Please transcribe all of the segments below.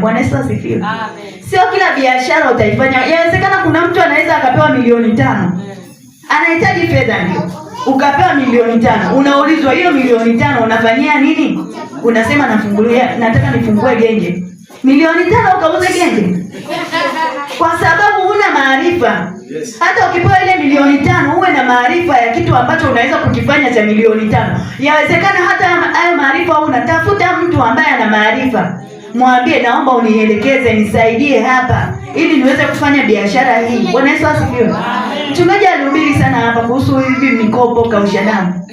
Bwana Yesu asifiwe. Amen. Sio kila biashara utaifanya. Inawezekana kuna mtu anaweza akapewa milioni tano anahitaji fedha ndio. ukapewa milioni tano unaulizwa hiyo milioni tano unafanyia nini? Unasema nafungulia, nataka nifungue genge. Milioni tano ukauze genge kwa sababu una maarifa. Hata ukipewa ile milioni tano uwe na maarifa ya kitu ambacho unaweza kukifanya cha milioni tano. Yawezekana hata hayo maarifa au unatafuta mtu ambaye ana maarifa mwambie, naomba unielekeze, nisaidie hapa ili niweze kufanya biashara hii. Bwana Yesu asifiwe. Mchungaji alihubiri sana hapa kuhusu hivi mikopo kausha damu.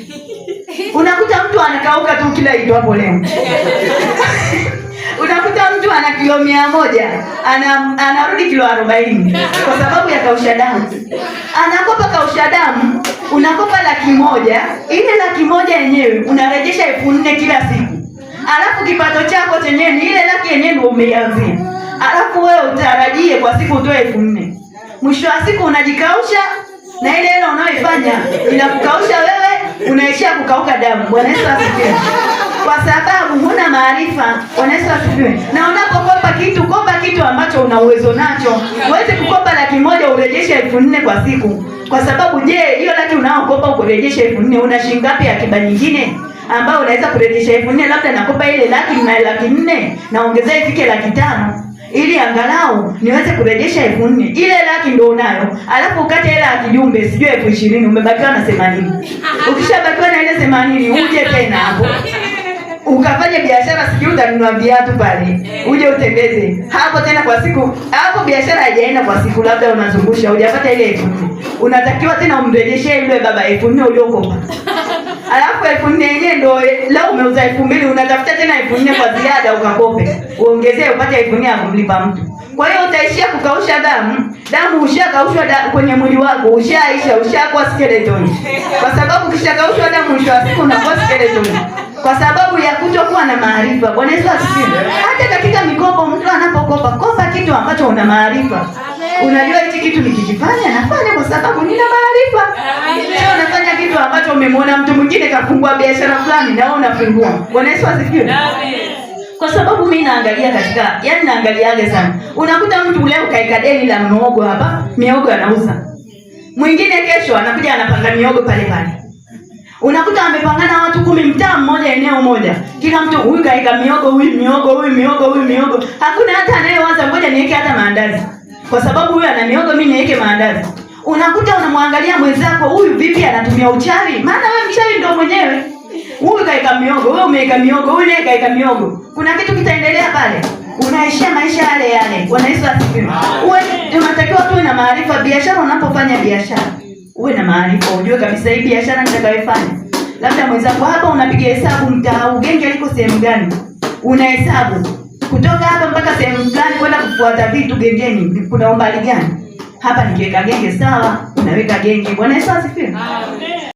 Unakuta mtu anakauka tu kila itwapo leo unakuta mtu ana kilo mia moja ana, anarudi kilo arobaini kwa sababu ya kausha damu. Anakopa kausha damu, unakopa laki moja ile laki moja yenyewe unarejesha elfu nne kila siku alafu kipato chako chenyewe ni ile laki yenyewe ndio umeianzia, alafu wewe utarajie kwa siku utoe elfu nne mwisho wa siku unajikausha na ile hela unayoifanya inakukausha wewe, unaishia kukauka damu. Bwana Yesu asifiwe kwa sababu huna maarifa. Unaweza kujua na unapokopa kitu, kopa kitu ambacho una uwezo nacho. Uweze kukopa laki moja urejeshe elfu nne kwa siku, kwa sababu je, hiyo laki unaokopa ukurejeshe elfu nne una shilingi ngapi akiba nyingine ambayo unaweza kurejesha elfu nne labda nakopa ile laki na laki nne naongezea ifike laki tano ili angalau niweze kurejesha elfu nne ile laki ndio unayo, alafu ukate hela ya kijumbe sijui elfu ishirini umebakiwa na themanini. Ukishabakiwa na ile themanini uje tena hapo ukafanya biashara, sijui utanunua viatu pale, eh. uje utembeze hapo tena kwa siku hapo, biashara haijaenda kwa siku, labda unazungusha, hujapata ile elfu nne unatakiwa tena umrejeshe yule baba elfu nne uliokopa alafu elfu nne yenyewe ndo leo umeuza elfu mbili unatafuta tena elfu nne kwa ziada ukakope uongezee upate elfu nne ya kumlipa mtu. Kwa hiyo utaishia kukausha damu, damu ushakaushwa da, kwenye mwili wako ushaisha, ushakuwa skeleton, kwa sababu kishakaushwa damu mwisho wa siku unakuwa skeleton kwa sababu ya kutokuwa na maarifa. Bwana Yesu asifiwe. Hata katika mikopo, mtu anapokopa, kopa kitu ambacho una maarifa. Unajua hichi kitu nikikifanya nafanya kwa sababu nina maarifa. Sio unafanya kitu ambacho umemwona mtu mwingine kafungua biashara fulani na wewe unafungua. Bwana Yesu asifiwe. Kwa sababu mimi naangalia katika, yani naangaliaje sana. Unakuta mtu leo kaika deni la miogo hapa, miogo anauza. Mwingine kesho anakuja anapanga miogo pale pale. Unakuta amepangana kumi, mtaa mmoja, eneo moja, kila mtu huyu kaika miogo, huyu miogo, huyu miogo, huyu miogo. Hakuna hata anayewaza ngoja niweke hata maandazi, kwa sababu huyu ana miogo, mimi niweke maandazi. Unakuta unamwangalia mwenzako, huyu vipi anatumia uchawi? Maana wewe mchawi ndio mwenyewe. Huyu kaika miogo, wewe umeika miogo, huyu naye kaika miogo. Kuna kitu kitaendelea pale unaishia maisha yale yale. Bwana Yesu asifiwe. Uwe unatakiwa tuwe na maarifa biashara. Unapofanya biashara uwe na maarifa, ujue kabisa hii biashara nitakayofanya labda mwenzako hapa, unapiga hesabu mtaa genge aliko sehemu gani, unahesabu kutoka hapa mpaka sehemu gani kwenda kufuata vitu gengeni, kuna umbali gani? Hapa nikiweka genge sawa, unaweka genge. Bwana Yesu asifiwe. Amen.